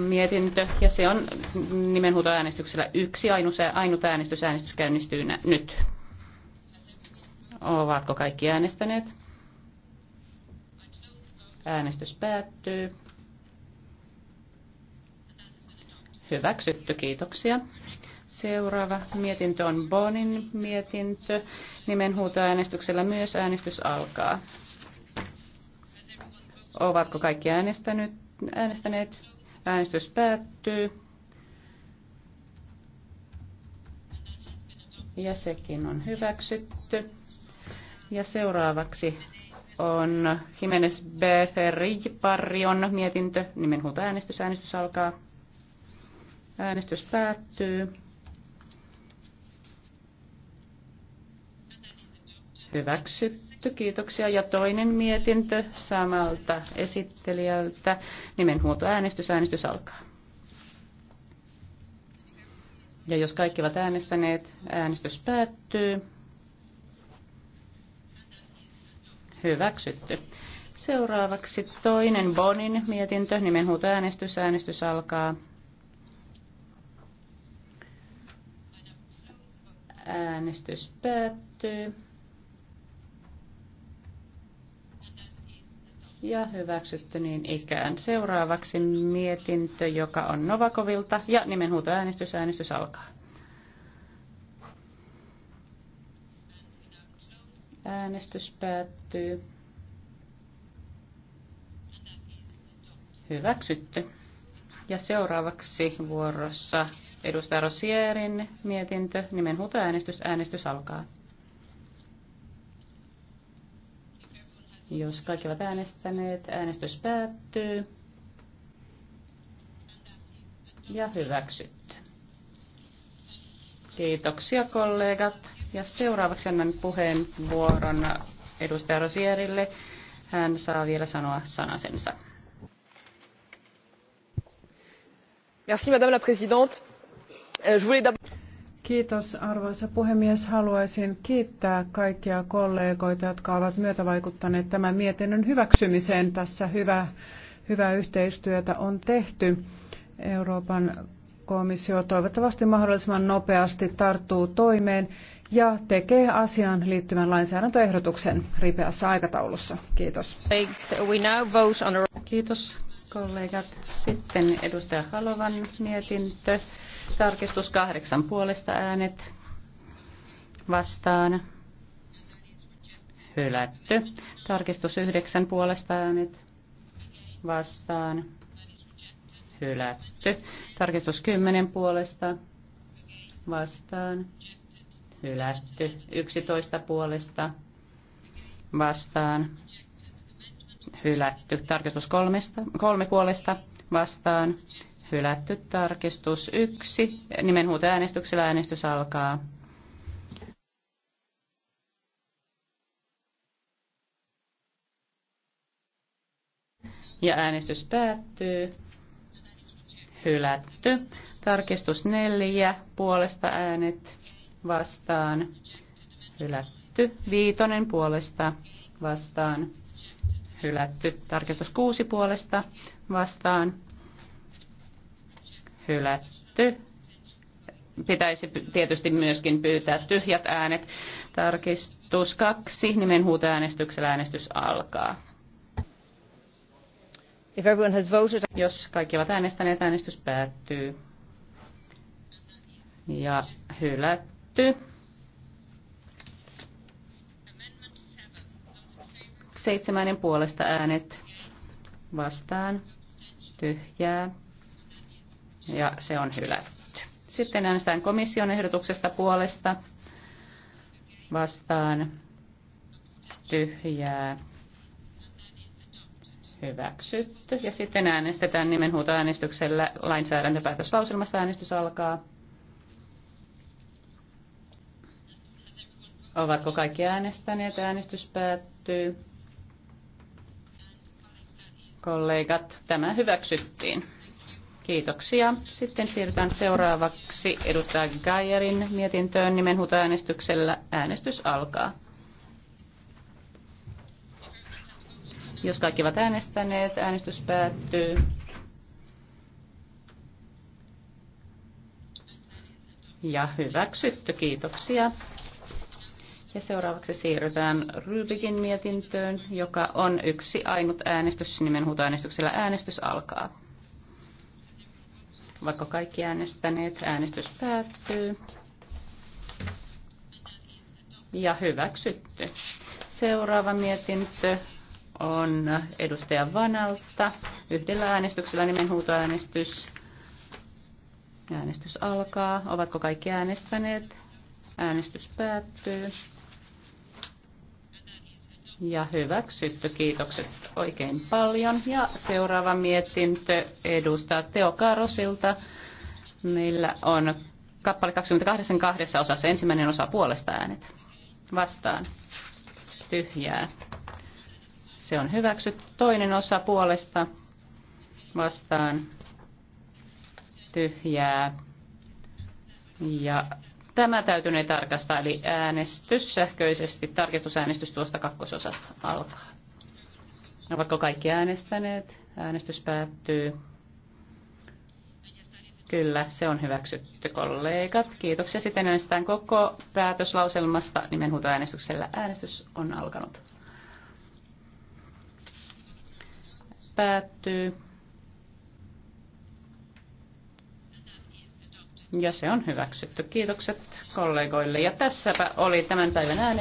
mietintö ja se on nimenhuutoäänestyksellä yksi ainut, ainut äänestys. Äänestys käynnistyy nyt. Ovatko kaikki äänestäneet? Äänestys päättyy. Hyväksytty, kiitoksia. Seuraava mietintö on Bonin mietintö. Nimenhuutoäänestyksellä myös äänestys alkaa. Ovatko kaikki äänestänyt, äänestäneet? Äänestys päättyy. Ja sekin on hyväksytty. Ja seuraavaksi on Jimenez Beferriparrion mietintö. Nimenhuuta äänestys. Äänestys alkaa. Äänestys päättyy. Hyväksytty Hyväksytty, kiitoksia. Ja toinen mietintö samalta esittelijältä. Nimenhuolto äänestys alkaa. Ja jos kaikki ovat äänestäneet, äänestys päättyy. Hyväksytty. Seuraavaksi toinen Bonin mietintö, äänestys, äänestys alkaa. Äänestys päättyy. Ja hyväksytty niin ikään. Seuraavaksi mietintö, joka on Novakovilta. Ja nimenhuutoäänestys, äänestys alkaa. Äänestys päättyy. Hyväksytty. Ja seuraavaksi vuorossa edustaja Rosierin mietintö, nimenhuutoäänestys, äänestys alkaa. Jos kaikki ovat äänestäneet, äänestys päättyy. Ja hyväksytty. Kiitoksia kollegat. Ja seuraavaksi annan puheenvuoron edustaja Rosierille. Hän saa vielä sanoa sanasensa. Merci madame la présidente. Euh, je voulais Kiitos arvoisa puhemies. Haluaisin kiittää kaikkia kollegoita, jotka ovat myötävaikuttaneet tämän mietinnön hyväksymiseen. Tässä hyvä, hyvää yhteistyötä on tehty. Euroopan komissio toivottavasti mahdollisimman nopeasti tarttuu toimeen ja tekee asiaan liittyvän lainsäädäntöehdotuksen ripeässä aikataulussa. Kiitos. Kiitos kollegat. Sitten edustaja Halovan mietintö. Tarkistus kahdeksan puolesta äänet vastaan. Hylätty. Tarkistus yhdeksän puolesta äänet vastaan. Hylätty. Tarkistus kymmenen puolesta vastaan. Hylätty. Yksitoista puolesta vastaan. Hylätty. Tarkistus kolmesta, kolme puolesta vastaan Hylätty tarkistus yksi. äänestyksellä äänestys alkaa. Ja äänestys päättyy. Hylätty. Tarkistus neljä. Puolesta äänet vastaan. Hylätty. Viitonen puolesta vastaan. Hylätty. Tarkistus kuusi puolesta vastaan hylätty. Pitäisi tietysti myöskin pyytää tyhjät äänet. Tarkistus kaksi, nimenhuutoäänestyksellä äänestys alkaa. If everyone has voted... Jos kaikki ovat äänestäneet, äänestys päättyy. Ja hylätty. Seitsemäinen puolesta äänet vastaan. Tyhjää ja se on hylätty. Sitten äänestetään komission ehdotuksesta puolesta vastaan tyhjää hyväksytty. Ja sitten äänestetään nimenhuutoäänestyksellä lainsäädäntöpäätöslauselmasta. Äänestys alkaa. Ovatko kaikki äänestäneet? Äänestys päättyy. Kollegat, tämä hyväksyttiin. Kiitoksia. Sitten siirrytään seuraavaksi edustaja Geierin mietintöön nimenhuutoäänestyksellä. Äänestys alkaa. Jos kaikki ovat äänestäneet, äänestys päättyy. Ja hyväksytty, kiitoksia. Ja seuraavaksi siirrytään Rybikin mietintöön, joka on yksi ainut äänestys. Nimenhuutoäänestyksellä äänestys alkaa. Vaikka kaikki äänestäneet, äänestys päättyy. Ja hyväksytty. Seuraava mietintö on edustaja Vanalta. Yhdellä äänestyksellä nimenhuutoäänestys. Äänestys alkaa. Ovatko kaikki äänestäneet? Äänestys päättyy ja hyväksytty. Kiitokset oikein paljon. Ja seuraava mietintö edustaa Teo Karosilta. Meillä on kappale 28 kahdessa osassa. Ensimmäinen osa puolesta äänet. Vastaan. Tyhjää. Se on hyväksytty. Toinen osa puolesta. Vastaan. Tyhjää. Ja Tämä täytynee tarkastaa, eli äänestys sähköisesti, tarkistusäänestys tuosta kakkososasta alkaa. Ovatko kaikki äänestäneet? Äänestys päättyy. Kyllä, se on hyväksytty, kollegat. Kiitoksia. Sitten äänestetään koko päätöslauselmasta nimenhuutoäänestyksellä. Äänestys on alkanut. Päättyy. ja se on hyväksytty. Kiitokset kollegoille. Ja tässäpä oli tämän päivän ääni